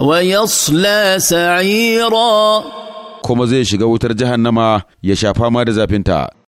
ويصلى سعيرا كما زي شغا وتر جهنم يشافا ما دزافنتا